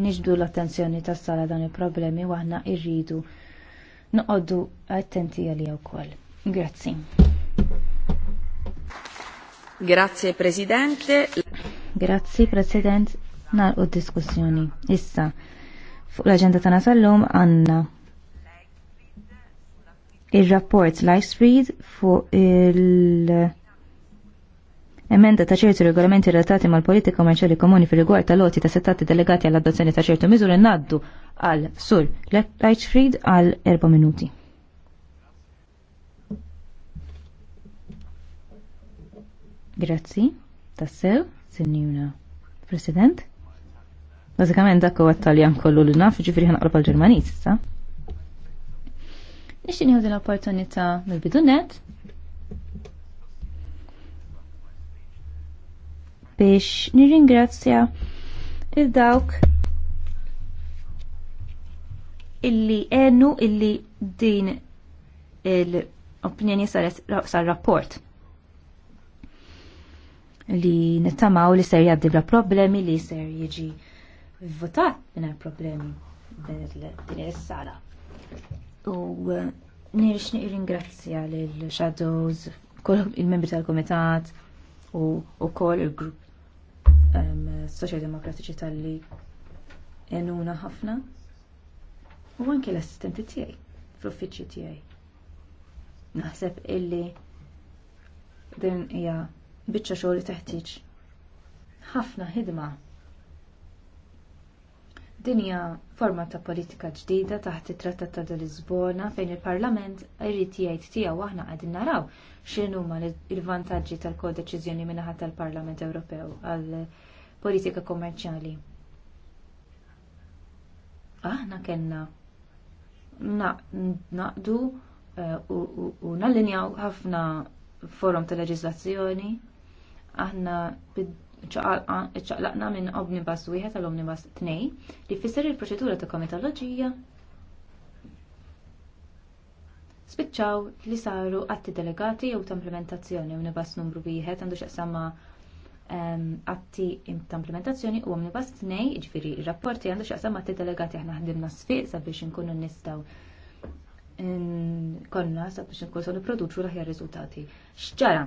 niġdu l-attenzjoni tas-sala dan il-problemi u aħna rridu noqogħdu attenti għalija wkoll. Grazzi. Grazie Presidente. Grazzi President. u diskussjoni. Issa, fuq l-agenda tagħna nasallum għanna għandna ir-rapport Lifespeed fuq il- emenda ta' ċertu regolamenti relatati mal-politika komerċjali komuni fil rigward ta' loti ta' settati delegati għall-adozzjoni ta' ċertu miżuri naddu għal sur Leichfried għal erba minuti. Grazzi, tassew, sinjuna. President? Bazzikament dak huwa taljan kollu l naf, ġifieri ħanqrob għal l issa. Nixtieq nieħu din l-opportunità mill-bidunet biex nirringrazzja il-dawk illi għenu illi din l-opinjoni sar-rapport li nittamaw li ser jaddi bla problemi li ser jiġi votat minna problemi din is-sala. U uh, nirix ringrazzja l-Shadows, il-membri tal-Komitat u kol il-grupp soċjaldemokratiċi tal-li jenuna ħafna u anke l-assistenti tiegħi fl uffiċi tiegħi. Naħseb illi din hija biċċa xogħol teħtieġ ħafna ħidma. Din hija forma ta' politika ġdida taħt it-Trattat ta' Lisbona fejn il-Parlament irrid jgħid tiegħu aħna qegħdin naraw X'inhuma ma l-vantaġġi tal-kodeċiżjoni minnaħat tal-Parlament Ewropew għal politika kommerċjali. Aħna kellna naqdu eh, u nallinjaw ħafna forum ta' leġizlazzjoni aħna ċaqlaqna minn omnibus wieħed għal omnibus tnejn li fisser il-proċedura ta' komitoloġija spiċċaw li saru atti delegati jew ta' implementazzjoni nibass numru wieħed għandu x'aqsama ehm, atti ta' implementazzjoni u omnibus tnej, ġifiri rapporti għandu xaqsam atti delegati aħna ħdimna sfiq sabiex inkunu nistgħu konna sabiex nkunu niproduċu l aħjar riżultati. X'ġara?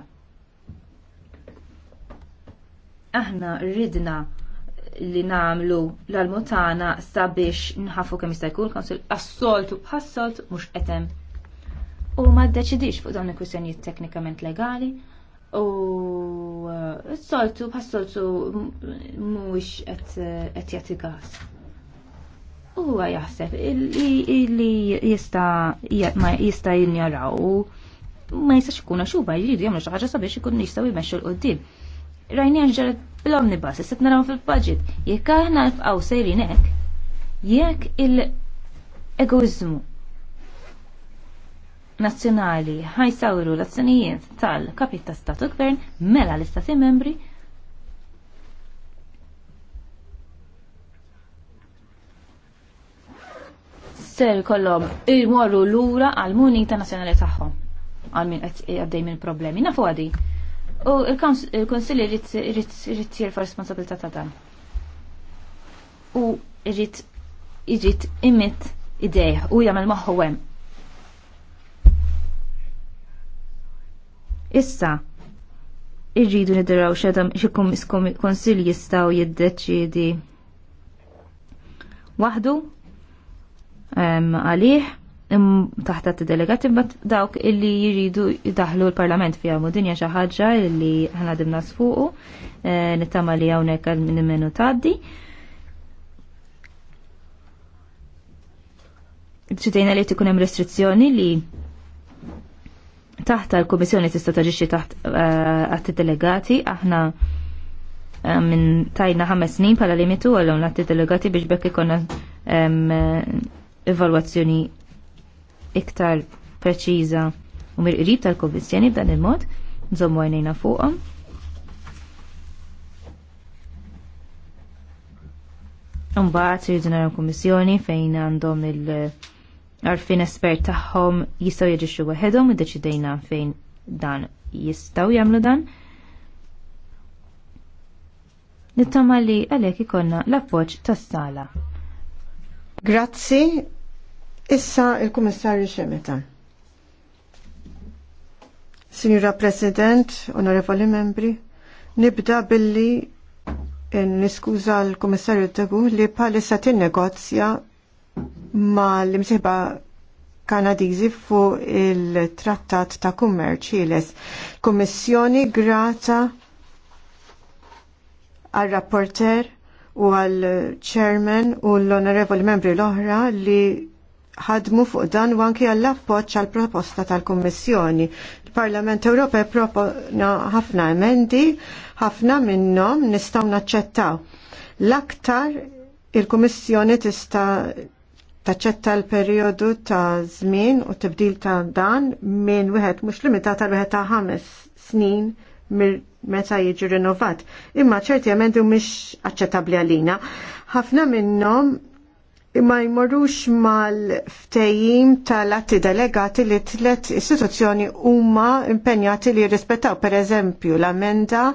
Aħna ridna li namlu l-almutana sabiex nħafu kemm jista' jkun konsul assoltu bħassolt mhux hemm u ma ddeċidix fuq dawn il-kwistjonijiet teknikament legali u eh, s-soltu bħas-soltu mhuwiex qed jagħti gas. Huwa jaħseb li jista' ma jista' jinjaraw ma jistax ikun xuba jridu jamlu xaħġa ħaġa sabiex ikunu jistgħu jmexxu l qoddim Rajni ġara bl-omnibus, issa naraw fil-budget. Jekk aħna nfqgħu sejri nek, jekk il-egoizmu nazzjonali ħajsawru l-azzjonijiet tal-kapit ta' statu gvern mela l-istati membri ser kollom il-morru l-ura għal-munita nazjonali tagħhom għal min qed għaddej minn problemi. Nafu għadi. U il konsili rrit jirfa responsabilità ta' dan. U rrit irrit imit idejh u jagħmel maħħu hemm Issa, irridu nidiraw xedam xikum konsil jistaw jiddeċidi wahdu għalih taħta t-delegati bat dawk illi jiridu jidaħlu l-parlament fija mudinja xaħġa illi ħana dimna sfuqu e, nittama li għawnek għal minn minnu taddi ċitajna li t hemm restrizzjoni li taħt tal komissjoni tista' taġixxi taħt għatti eh, delegati aħna eh, minn tajna ħames snin pala limitu għallum l-għatti delegati biex bekk ikonna eh, evalwazzjoni iktar preċiża u mirqrib tal-Kummissjoni b'dan il-mod, nżommu għajnejna fuqhom. Mbagħad irridu nara kummissjoni fejn għandhom il- għarfin espert tagħhom jistgħu jiġixxu waħedhom u deċidejna fejn dan jistgħu jagħmlu dan. Nittama li għalhekk ikonna l-appoġġ tas-sala. Grazzi. Issa il-Kummissarju Xemeta. Signora President, onorevoli membri, nibda billi niskuża l-Kummissarju Tegu li palissa tinnegozja ma l-imsiba Kanadiżi fuq il-Trattat ta' Kummerċ ħieles. Kummissjoni grata għal rapporter u għal chairman u l-onorevoli membri l-oħra li ħadmu fuq dan u anki għall appoġġ għal proposta tal-Kummissjoni. Il-Parlament Ewropew propona ħafna emendi, ħafna minnhom nistgħu naċċettaw. L-aktar il-Kummissjoni tista' taċċetta l-perjodu ta' żmien u tibdil ta' dan minn wieħed mhux limitat għal wieħed ta' ħames snin meta jiġi rinnovat. Imma ċerti emendi mhix aċċettabbli għalina. Ħafna minnhom imma jmorrux mal-ftejjim tal-atti delegati li tlet istituzzjoni huma impenjati li jirrispettaw pereżempju l-amenda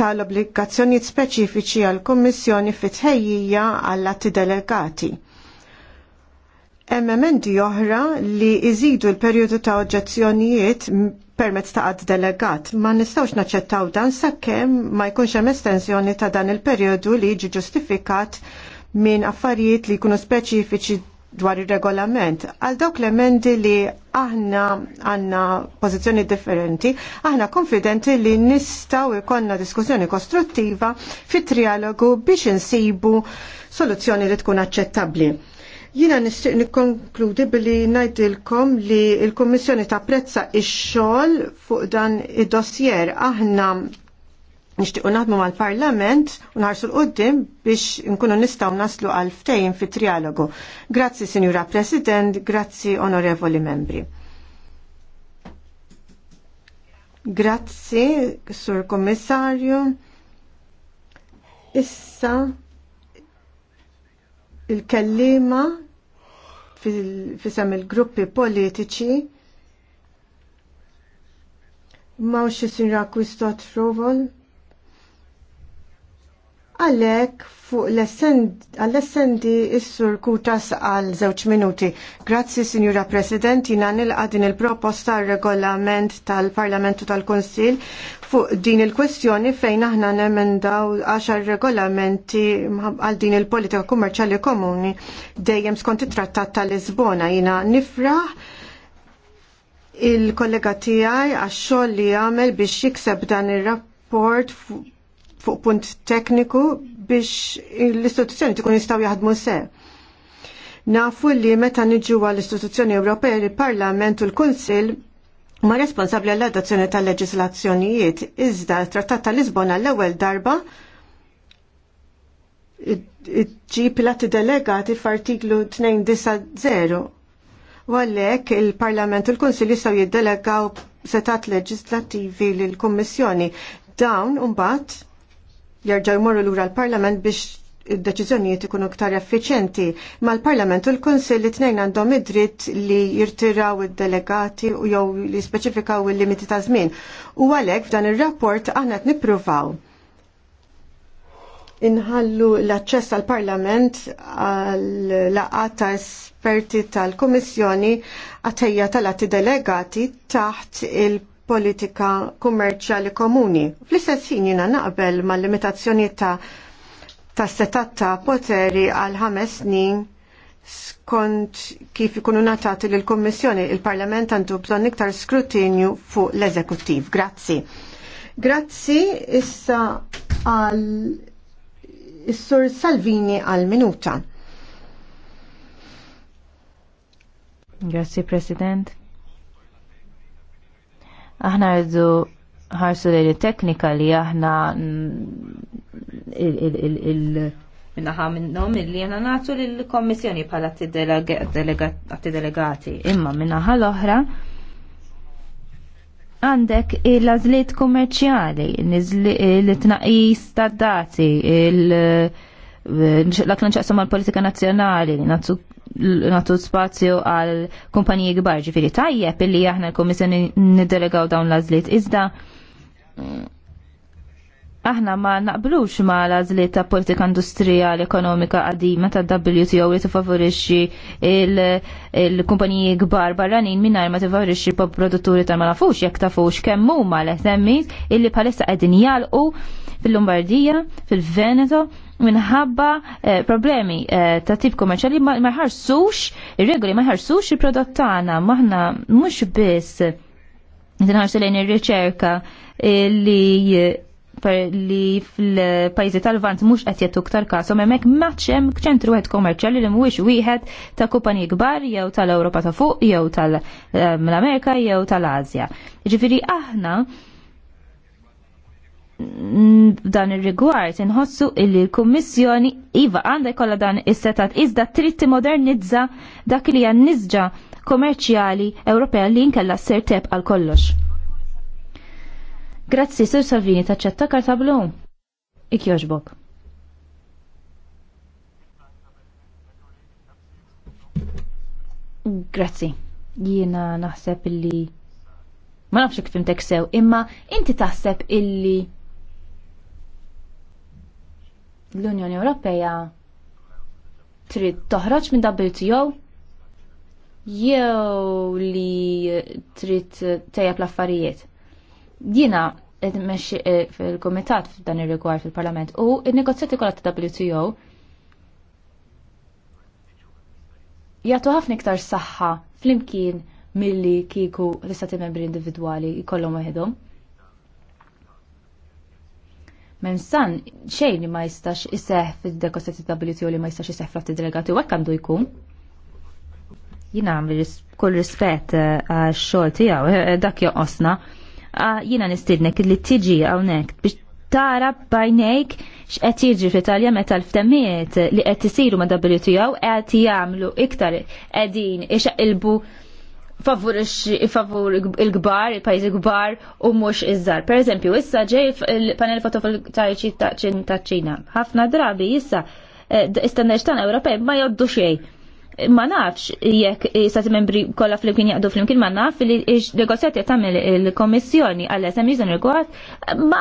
tal-obbligazzjonijiet speċifiċi għall kummissjoni fit-tħejjija għall-atti delegati emendi oħra li iżidu l-perjodu ta' oġġezzjonijiet permezz ta' għad delegat. Ma nistawx naċċettaw dan sakemm ma jkunx hemm estensjoni ta' dan il-perjodu li jiġi ġustifikat minn affarijiet li jkunu speċifiċi dwar il-regolament. Għal dawk l-emendi li aħna għanna pozizjoni differenti, aħna konfidenti li nistaw ikonna diskussjoni kostruttiva fit trialogu biex insibu soluzzjoni li tkun aċċettabli. Jina nistiq nikkonkludi billi najdilkom li il-Kommissjoni tapprezza ix-xogħol fuq dan id-dossier aħna nixtiequ naħdmu mal-Parlament u naħarsu l-qoddim biex nkunu nistgħu naslu għal ftejn fit trialogu. Grazzi Sinjura President, grazzi Onorevoli Membri. Grazzi, Sur Kommissarju. Issa, il-kellima fisem il-gruppi politiċi mawx il-sinra Kwistot Għalek fuq l-essendi issur kutas għal zewċ minuti. Grazzi, Signora President, jina nilqa din il-proposta regolament tal-Parlamentu tal-Konsil fuq din il-kwestjoni fejn aħna nemendaw għaxar regolamenti għal din il-politika kummerċali komuni dejjem skont it-trattat tal-Lisbona. Jina nifraħ il-kollega tijaj għax xogħol li jagħmel biex jikseb dan ir-rapport fuq punt tekniku biex l-istituzzjoni tkun jistgħu jaħdmu se. Nafu li meta niġu għall-istituzzjoni Ewropea il-Parlament u l-Kunsill ma responsabli għall-adozzjoni tal-leġislazzjonijiet, iżda trattat tal-Lisbona l-ewwel darba ġib lati delegati f'artiklu 290 u għalhekk il-Parlament u l-Kunsill jistgħu jiddelegaw setat leġislattivi lill-Kummissjoni. Dawn imbagħad jerġgħu jmorru lura l-Parlament biex id-deċiżjonijiet ikunu aktar effiċenti. Ma l-Parlament u l-Kunsill li tnejn għandhom id-dritt li jirtiraw id-delegati u jew li speċifikaw il-limiti ta' żmien. U għalhekk f'dan ir-rapport aħna qed nippruvaw inħallu l-aċċess għal parlament għal laqat ta' esperti tal-Komissjoni għatejja tal-atti delegati taħt il politika kummerċjali komuni. Fl-istess ħin jiena naqbel mal-limitazzjoni ta' ta' setat ta' poteri għal ħames snin skont kif ikunu natati l kommissjoni il-Parlament għandu bżonn iktar skrutinju fuq l-eżekuttiv. Grazzi. Grazzi issa għal Is-Sur Salvini għal minuta. Grazzi President. Aħna rridu ħarsu lejn it-teknika li aħna Naħa minnom illi jena natu l-kommissjoni bħala t delegati Imma minnaħa l-oħra għandek il-azliet kummerċjali, il-tnaqis ta' dati, il- l-aklan ċaqsam għal-politika nazjonali, li natu natu spazju għal kumpaniji gbar ġifiri tajjeb illi aħna l-Komissjoni niddelegaw dawn l-azliet. Iżda aħna ma naqblux ma l ta' politika industrijali ekonomika għadima ta' WTO li tifavorixxi il-kumpaniji kbar barranin mingħajr ma tifavorixxi produtturi ta' ma nafux jekk tafux kemm huma l illi bħalissa qegħdin jalqu fil-Lombardija, fil-Veneto minħabba eh, problemi eh, ta' tip kommerċali ma jħarsux ir-regoli ma jħarsux il-prodott tagħna maħna mhux biss Nħarsu lejn ir-riċerka li per li fil-pajzi tal-vant mux qed jettu ktar kasom hemmhekk maċċem ċentru wieħed kommerċjali li mhuwiex wieħed ta' kupani kbar jew tal-Ewropa ta' fuq jew tal-Amerika ehm, jew tal azja Ġifieri aħna dan ir-rigward inħossu illi l-Kummissjoni iva għandha jkollha dan is-setat iżda trid timodernizza dak li hija nisġa kommerċjali Ewropea li nkella ser teb għal kollox. Grazzi, Sir Salvini, taċċetta karta blu. Ik joġbok. Grazzi, jiena naħseb illi ma nafx kif imtek sew, imma inti taħseb illi l-Unjoni Ewropea trid toħroġ minn WTO jew li trid tejjeb l-affarijiet. Jiena meċi eh, fil-komitat f'dan ir-rigward fil-Parlament u il-negozjati kollha ta' WTO jagħtu ħafna iktar saħħa flimkien milli kiku l-istati membri individwali jkollhom waħedhom. san xejn li ma jistax iseħ fil dekostati WTO li ma jistax iseħ fl delegati u hekk għandu jkun. Jina għamil kull rispett eh, għax xogħol tiegħu eh, dak joqosna. Ah, jiena nistidnek li tiġi hawnhekk biex tara bajnejk x'qed jiġri fl-Italja meta l-ftemijiet li qed isiru ma' WTO qed jagħmlu iktar qegħdin ixaqilbu favur favur il-gbar, il-pajzi gbar u mux iż-żar. Per eżempju, issa ġej il-panel fotovoltaiċi ta' ċina. ħafna drabi issa eh, istandeċ tan Ewropej ma joddu xejn ma nafx jekk stati membri kollha flimkien jaqdu flimkien ma naf li negozjati tagħmel il-Kommissjoni għal SMI dan rigward ma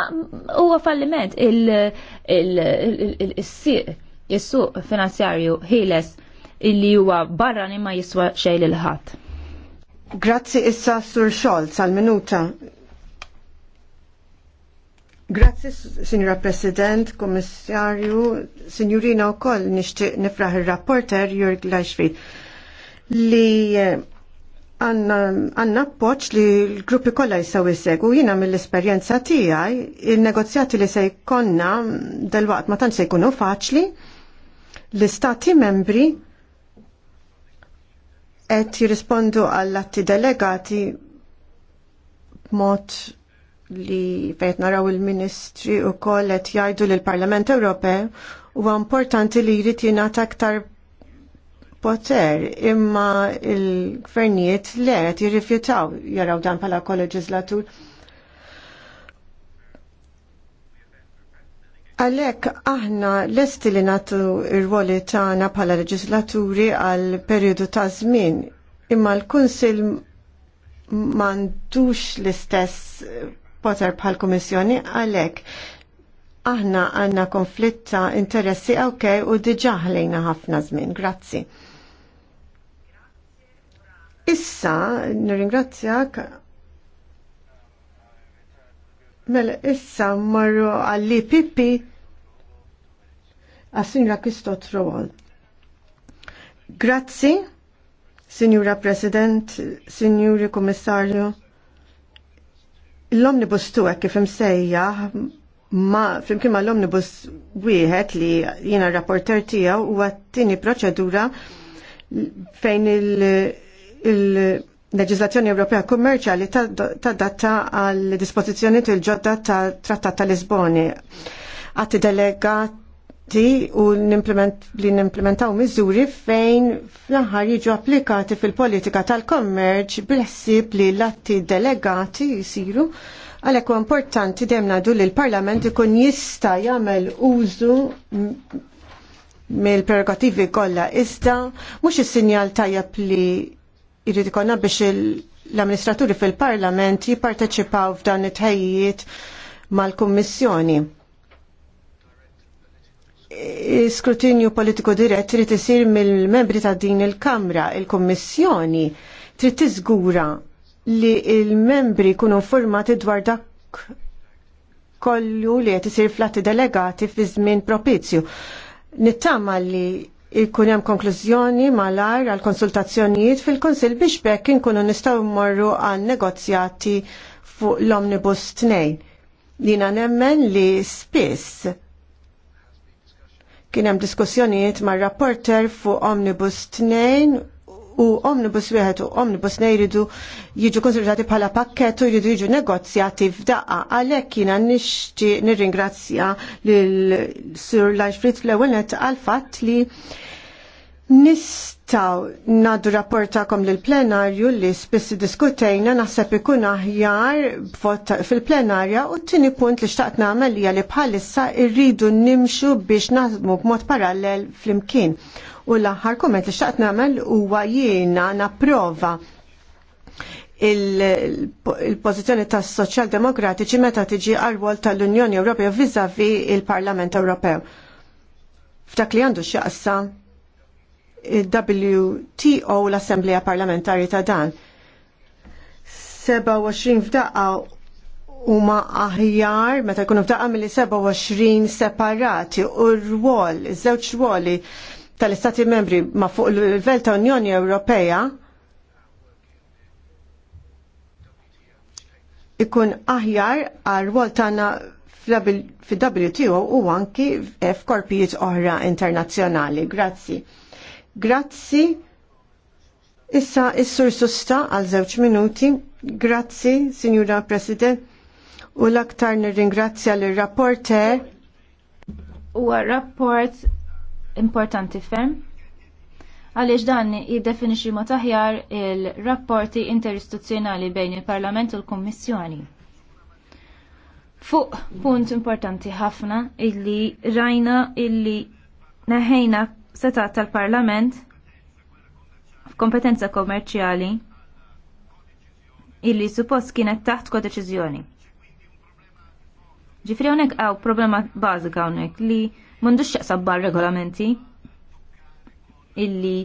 huwa falliment il-sieq is-suq finanzjarju ħieles illi huwa barra ma jiswa xejn lil ħadd. Grazzi issa Sur Scholz għall minuta. Grazzi, Signora President, Kommissarju, Signorina u koll nishtiq nifraħ il-rapporter Jörg Lajxfrid li eh, għanna poċ li l-gruppi kolla jisaw u jina mill-esperienza tijaj il-negozjati li se jkonna dal-waqt ma tanċ se jkunu faċli l-istati membri et jirrispondu għall-atti delegati mod li fejt naraw il-Ministri u kollet qed jgħidu l parlament Ewropew huwa importanti li jrid jingħata aktar poter imma il-gvernijiet le qed jirrifjutaw jaraw dan bħala koleġislatur. Għalek aħna lesti li natu ir woli tagħna bħala leġislaturi għal periodu ta' żmien imma l-Kunsil mandux l-istess Potter bħal komissjoni għalhekk aħna għandna konflitta interessi awkej u diġà ħlejna ħafna żmien. Grazzi. Issa nirringrazzjak Mela, issa marru għalli Pippi għas-Sinjura Kristot Rowal. Grazzi, Sinjura President, Sinjuri Komissarju. L-omnibus tuwek kif imsejja ma flimkien ma l-omnibus wieħed li jiena rapporter tiegħu huwa tieni proċedura fejn il- leġislazzjoni Ewropea kummerċjali data għal dispożizzjoni il-ġodda ta' Trattat ta' Lisboni. Għatti delegat ti u li nimplementaw miżuri fejn fl ħar jiġu applikati fil-politika tal-kommerċ bil ħsib li l-atti delegati jisiru għalhekk huwa importanti demna du li l-Parlament ikun jista' jagħmel użu mill-prerogativi kollha iżda mhux is-sinjal tajjeb li jrid biex l-amministraturi fil-Parlament jipparteċipaw f'dan it-tħejjiet mal-Kummissjoni skrutinju politiku dirett trid isir mill-membri ta' din il-Kamra, il-Kommissjoni, trid tiżgura li il-membri kunu informati dwar dak kollu li qed isir flatti delegati fi żmien propizju. Nittama li jkun hemm konklużjoni malar għal konsultazzjonijiet fil-Kunsill biex bekk inkunu nistgħu mmorru għal negozjati fuq l-Omnibus 2. Lina nemmen li spiss Kien hemm diskussjonijiet mar-rapporter fuq Omnibus 2 u omnibus wieħed u omnibus jridu jiġu konsidrati bħala pakkett u jridu jiġu negozjati f'daqqa. Għalhekk jiena nixtieq nirringrazzja lil Sur Lajfrid fl-ewwel għal fatt li Nistaw naddu rapportakom l-plenarju li spissi diskutejna naħseb ikun aħjar fil-plenarja u t-tini punt li xtaqt namel li bħalissa irridu nimxu biex naħdmu b'mod parallel fl-imkien. U l-aħħar komment li xtaqt namel huwa jiena naprova il-pozizjoni il tas soċjaldemokratiċi meta tiġi għal tal-Unjoni Ewropea vizavi il-Parlament Ewropew. F'dak li għandu xaqsa WTO l-Assembleja Parlamentari ta' dan. 27 f'daqqa huma aħjar meta jkunu f'daqqa mill-27 separati u r-rwol, iż-żewġ rwoli tal-Istati membri ma fuq il-livell ta' Unjoni Ewropea ikun aħjar għal rwol tagħna fil-WTO u anki f'korpijiet oħra internazzjonali. Grazzi. Grazzi. Issa is-sur susta għal żewġ minuti. Grazzi, Sinjura President. U l-aktar nirringrazzja l rapporter Huwa rapport importanti ferm għaliex dan jiddefinixxi ma taħjar il-rapporti interistituzzjonali bejn il-Parlament u l-Kummissjoni. Fuq punt importanti ħafna illi rajna illi neħejna setat tal-Parlament f'kompetenza kommerċjali illi suppost kienet taħt kodeċiżjoni. Ġifri hawnhekk għaw problema bażika hawnhekk li m'għandux xaqsab bar regolamenti illi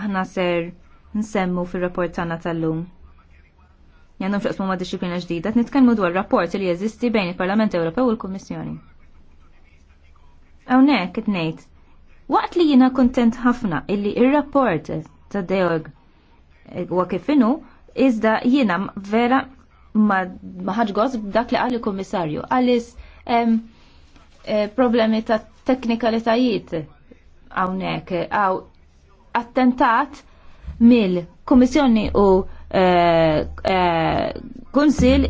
aħna ser nsemmu fir-rapport tagħna tal-lum. Jannu xaqsmu ma' disciplina ġdida, nitkellmu dwar rapport li jeżisti bejn il-Parlament Ewropew u l-Kummissjoni. Hawnhekk qed ngħid Waqt li jina kontent ħafna illi il-rapport ta' Deog huwa eh, kifinu, iżda jina vera ma ħaġgos b'dak li għalli komissarju. Għalis eh, problemi ta' teknikalitajiet għawnek, għaw attentat mill-Komissjoni u eh, Kunsil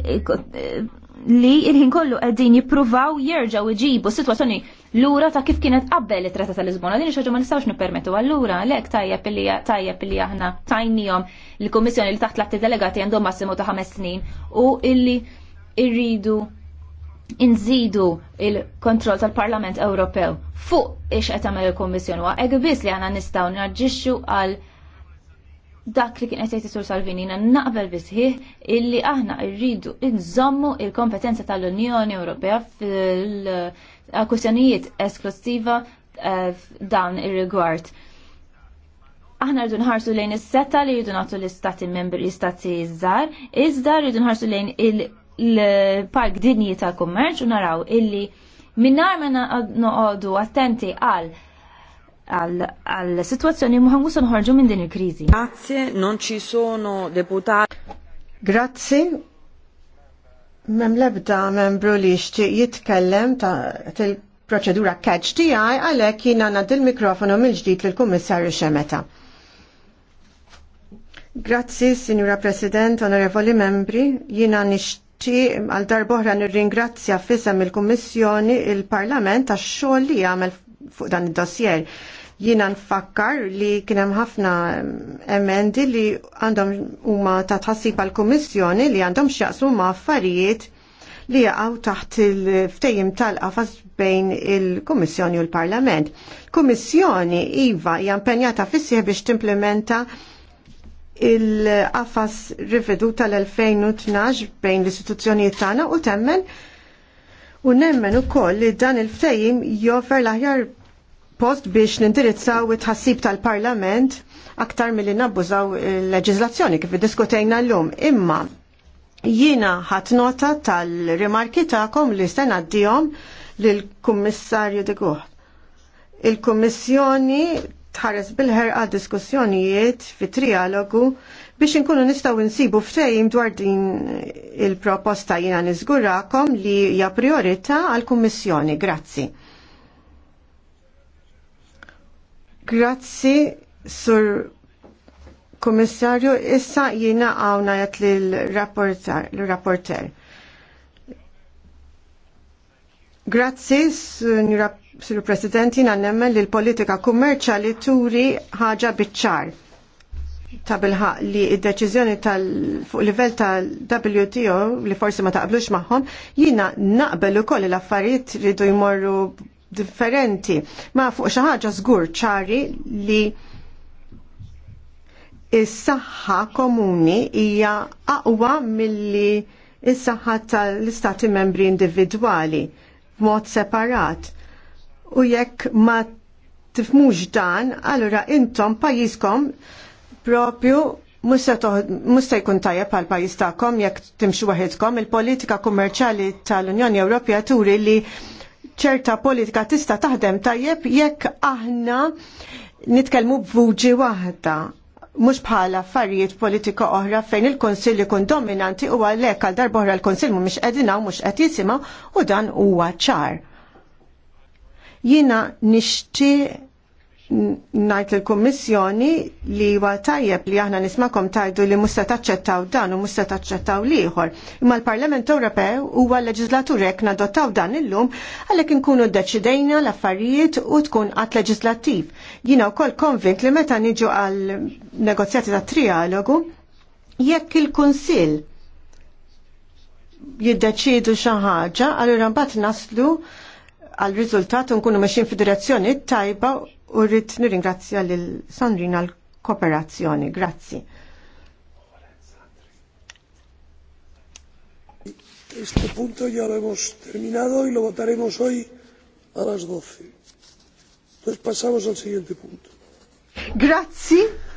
li il-ħin kollu għedin jipruvaw jirġaw iġibu situazzjoni l-ura ta' kif kienet qabel it-Trattat ta' Lisbona. Din xaġa ma nistgħux nippermettu allura lek tajjeb li tajjeb li aħna tajnihom il-Kummissjoni li taħt l-atti delegati għandhom massimu ta' ħames snin u illi irridu inżidu il-kontroll tal-Parlament Ewropew fuq ix qed tagħmel il-Kummissjoni wa hekk biss li aħna nistgħu naġġixxu għal dak li kien qed Sur Salvini naqbel bisħih illi aħna rridu inżommu il-kompetenza tal-Unjoni Ewropea fil- kwestjonijiet esklusiva eh, dawn ir-rigward. Aħna rridu nħarsu lejn is-seta li rridu nagħtu l-istati membri istati żgħar, iżda rridu nħarsu lejn il-park dinji ta' kummerċ u naraw illi minnar ma noqogħdu attenti għal għal situazzjoni muħangus nħorġu minn din il-kriżi. Grazie, non ci sono deputati. Grazie, Mem lebda membru li xtiq jitkellem ta' til-proċedura catch tiegħi għalhekk jien għandna il-mikrofonu mill-ġdid lill-Kummissarju Xemeta. Grazzi, Signora President, Onorevoli Membri, jiena nixti għal darbohra nirringrazzja fissam il-Kummissjoni il-Parlament għax xogħol li għamel fuq dan id-dossier. Jiena nfakkar li kien hemm ħafna emendi li għandhom huma ta' tħassib għall kummissjoni li għandhom x'jaqsmu ma' affarijiet li jaqgħu taħt il-ftejim tal-qafas bejn il-Kummissjoni u l-Parlament. Kummissjoni iva hija impenjata fissieħ biex timplementa il-qafas rivedu tal-2012 bejn l-istituzzjonijiet tagħna u temmen U nemmen u koll li dan il ftejim joffer l-aħjar post biex nindirizzaw it-ħassib tal-Parlament aktar mill-li nabbużaw il-leġizlazzjoni kif diskutejna l-lum. Imma jiena ħat nota tal-rimarki ta'kom li sena d-dijom l-Kummissarju de Guh. Il-Kummissjoni tħares bil-ħerqa diskussjonijiet fi trialogu biex inkunu nistaw insibu ftejim dwar din il-proposta jina nizgurakom li hija priorità għal-Kummissjoni. Grazzi. Grazzi, Sur Komissarju, issa jina għawna jgħat li l-rapporter. Grazzi, Sur Presidenti, nemmen li l-politika kummerċali turi ħaġa bitċar ta' bilħaq li id-deċizjoni tal fuq livell tal-WTO li forsi ma taqblux magħhom, jina naqbel ukoll l-affarijiet ridu jmorru differenti. Ma fuq xi ħaġa żgur ċari li is-saħħa komuni hija aqwa milli is-saħħa tal-istati membri individwali b'mod separat. U jekk ma tifmux dan, allura intom pajjiżkom propju Musta jkun tajja pal pajjiż tagħkom jekk timxu waħedkom il-politika kummerċjali tal-Unjoni Ewropea turi li ċerta politika tista' taħdem tajjeb jekk aħna nitkellmu b'vuġi waħda mhux bħala affarijiet politika oħra fejn il-Konsill ikun dominanti u għalhekk għal darba oħra l-Konsill mhumiex qegħdin hawn mhux qed jisimgħu u dan huwa ċar. Jiena nixtieq najt il-Kommissjoni li huwa tajjeb li aħna nismakom tajdu li musta taċċettaw dan u musta taċċettaw liħor. Imma l-Parlament Ewropew huwa l-leġislatur jekk nadottaw dan illum għalhekk inkunu deċidejna l-affarijiet u tkun qatt leġislattiv. Jiena wkoll konvint li meta niġu għal negozjati ta' trialogu jekk il-Kunsill jiddeċidu xi ħaġa, allura mbagħad naslu għal rizultat u nkunu meċin fid-direzzjoni tajba u rrit nirringrazzja l Sandrina għal kooperazzjoni. Grazzi. Este punto ya lo hemos terminado y lo votaremos hoy a las 12. Entonces pasamos al siguiente punto. Grazie.